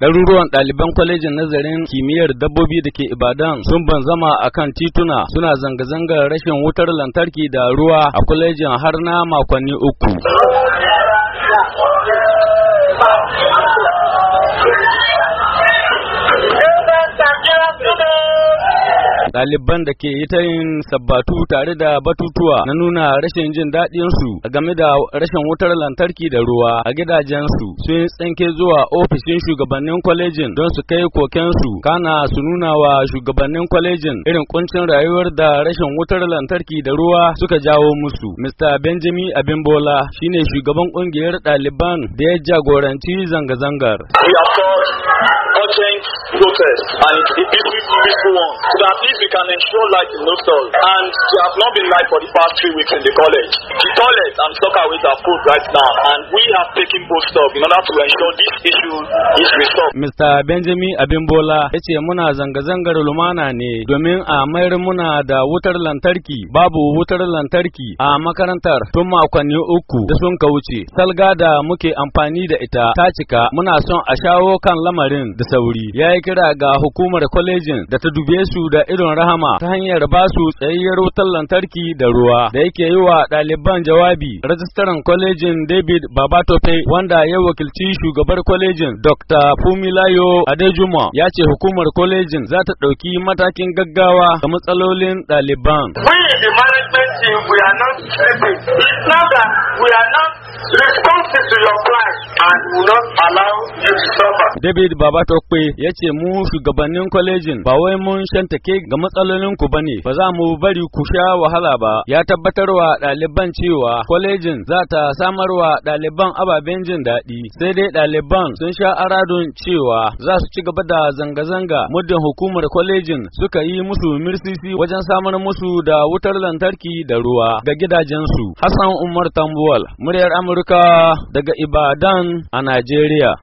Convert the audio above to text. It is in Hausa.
Ɗaruruwan ɗaliban kwalejin nazarin kimiyyar dabbobi da ke Ibadan sun banzama a kan tituna suna zanga-zangar rashin wutar lantarki da ruwa a kwalejin har na makonni uku. ɗaliban da ke yi ta yin sabbatu tare da batutuwa na nuna rashin jin daɗinsu a game da rashin wutar lantarki da ruwa a gidajensu sun tsinke zuwa ofishin shugabannin kwalejin don su kai su kana su nuna wa shugabannin kwalejin irin kuncin rayuwar da rashin wutar lantarki da ruwa suka jawo musu. Mr. Benjamin Abimbola shine shugaban ƙungiyar ɗaliban da ya jagoranci zanga-zangar. We protest and it one so that if we can ensure light in Nostal and there have not been light for the past three weeks in the college. The toilet and soccer ways are full right now and we have taken both steps in order to ensure this issue is resolved. Mr. Benjamin Abimbola ya ce muna zanga-zangar lumana ne domin a mayar muna da wutar lantarki babu wutar lantarki a makarantar tun makonni uku da sun ka wuce Salga da muke amfani da ita ta cika muna son a shawo kan lamarin da sauri. ya yi kira ga hukumar kwalejin da ta dube su da irin rahama ta hanyar ba su tsayayyar wutar lantarki da ruwa da yake yi wa ɗaliban jawabi rajistaran kwalejin David Babatope wanda ya wakilci shugabar kwalejin Dr. Fumilayo Adejuma ya ce hukumar kwalejin za ta ɗauki matakin gaggawa ga matsalolin ɗaliban. We the management team we are not david baba your kwe ya ce mu shugabannin kwalejin ba wai mun shantake ga matsalolin ku bane ba za mu bari ku sha wahala ba ya tabbatarwa ɗaliban cewa kwalejin za ta samarwa ɗaliban ababen jin daɗi sai dai ɗaliban sun sha aradun cewa za su ci gaba da zanga-zanga muddin hukumar kwalejin suka yi musu mirsisi wajen samar musu da wutar lantarki da ruwa ga gidajensu. Hassan Umar Tambuwal, muryar Amurka daga Ibadan a Najeriya.